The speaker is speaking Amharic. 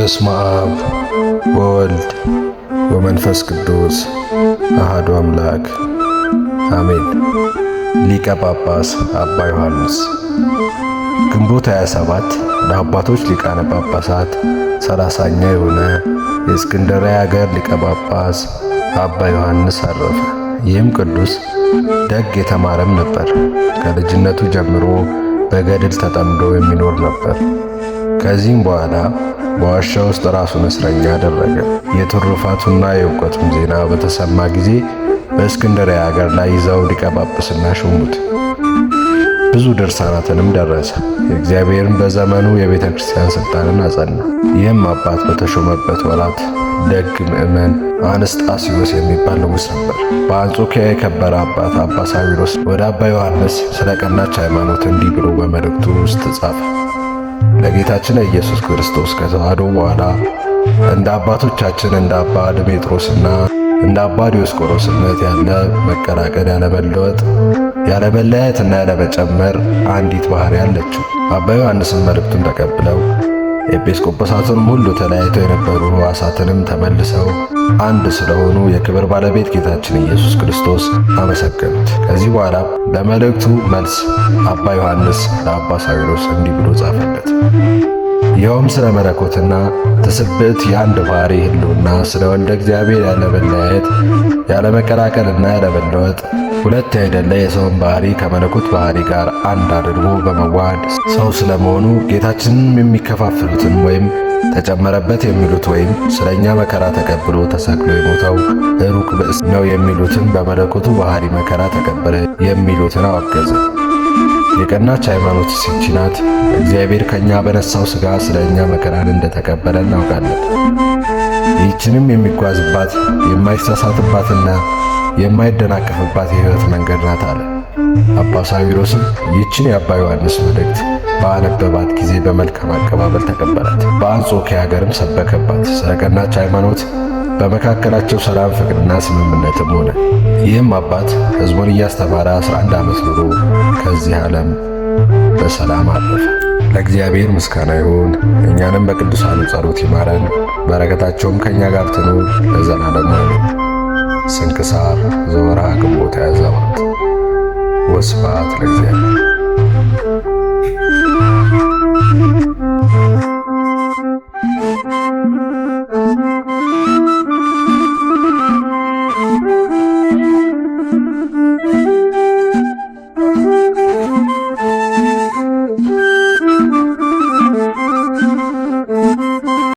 በስመ አብ ወወልድ ወመንፈስ ቅዱስ አሐዱ አምላክ አሜን። ሊቀ ጳጳስ አባ ዮሐንስ ግንቦት 27 ለአባቶች ሊቃነ ጳጳሳት ሰላሳኛ የሆነ የእስክንድርያ ሀገር ሊቀ ጳጳስ አባ ዮሐንስ አረፈ። ይህም ቅዱስ ደግ የተማረም ነበር። ከልጅነቱ ጀምሮ በገድል ተጠምዶ የሚኖር ነበር። ከዚህም በኋላ በዋሻ ውስጥ ራሱን እስረኛ አደረገ። የትሩፋቱና የእውቀቱም ዜና በተሰማ ጊዜ በእስክንድርያ አገር ላይ ይዘው ሊቀ ጳጳስና ሾሙት። ብዙ ድርሳናትንም ደረሰ። እግዚአብሔርን በዘመኑ የቤተ ክርስቲያን ሥልጣንን አጸና። ይህም አባት በተሾመበት ወራት ደግ ምእመን አንስጣስዮስ የሚባል ንጉሥ ነበር። በአንጾኪያ የከበረ አባት አባ ሳዊሮስ ወደ አባ ዮሐንስ ስለ ቀናች ሃይማኖት እንዲህ ብሎ በመልእክቱ ውስጥ ጻፈ። ለጌታችን ኢየሱስ ክርስቶስ ከተዋህዶ በኋላ እንደ አባቶቻችን እንደ አባ ድሜጥሮስና እንደ አባ ዲዮስቆሮስ ያለ መቀላቀል፣ ያለመለወጥ፣ ያለመለያየትና ያለመጨመር አንዲት ባህሪ አለችው። አባ ዮሐንስን መልእክቱን ተቀብለው ኤጲስቆጶሳትም ሁሉ ተለያይተው የነበሩ ሕዋሳትንም ተመልሰው አንድ ስለሆኑ የክብር ባለቤት ጌታችን ኢየሱስ ክርስቶስ አመሰገኑት። ከዚህ በኋላ ለመልእክቱ መልስ አባ ዮሐንስ ለአባ ሳዊሮስ እንዲህ ብሎ ጻፈለት። ይኸውም ስለ መለኮትና ትስብእት የአንድ ባሕሪ ሕልውና ስለ ወልደ እግዚአብሔር ያለመለያየት ያለመቀላቀልና ያለመለወጥ ሁለት አይደለ የሰውን ባህሪ ከመለኮት ባህሪ ጋር አንድ አድርጎ በመዋሃድ ሰው ስለመሆኑ ጌታችንም የሚከፋፍሉትን ወይም ተጨመረበት የሚሉት ወይም ስለኛ መከራ ተቀብሎ ተሰቅሎ የሞተው ሩቅ ብእስ ነው የሚሉትን በመለኮቱ ባህሪ መከራ ተቀበለ የሚሉትን አወገዘ። የቀናች ሃይማኖት ይህች ናት። እግዚአብሔር ከእኛ በነሳው ሥጋ ስለ እኛ መከራን እንደተቀበለ እናውቃለን። ይህችንም የሚጓዝባት የማይሳሳትባትና የማይደናቀፍባት የህይወት መንገድ ናት አለ። አባ ሳዊሮስም ይህችን የአባ ዮሐንስ መልእክት በአነበባት ጊዜ በመልካም አቀባበል ተቀበላት። በአንጾኪያ ሀገርም ሰበከባት። ስለ ቀናች ሃይማኖት በመካከላቸው ሰላም፣ ፍቅርና ስምምነትም ሆነ። ይህም አባት ሕዝቡን እያስተማረ 11 ዓመት ኑሮ ከዚህ ዓለም በሰላም አለፈ። ለእግዚአብሔር ምስጋና ይሁን። እኛንም በቅዱሳኑ ጸሎት ይማረን፣ በረከታቸውም ከእኛ ጋር ትኑር ለዘላለሙ። ስንክሳር ዘወርሃ ግንቦት 27 ወስብሐት ለእግዚአብሔር።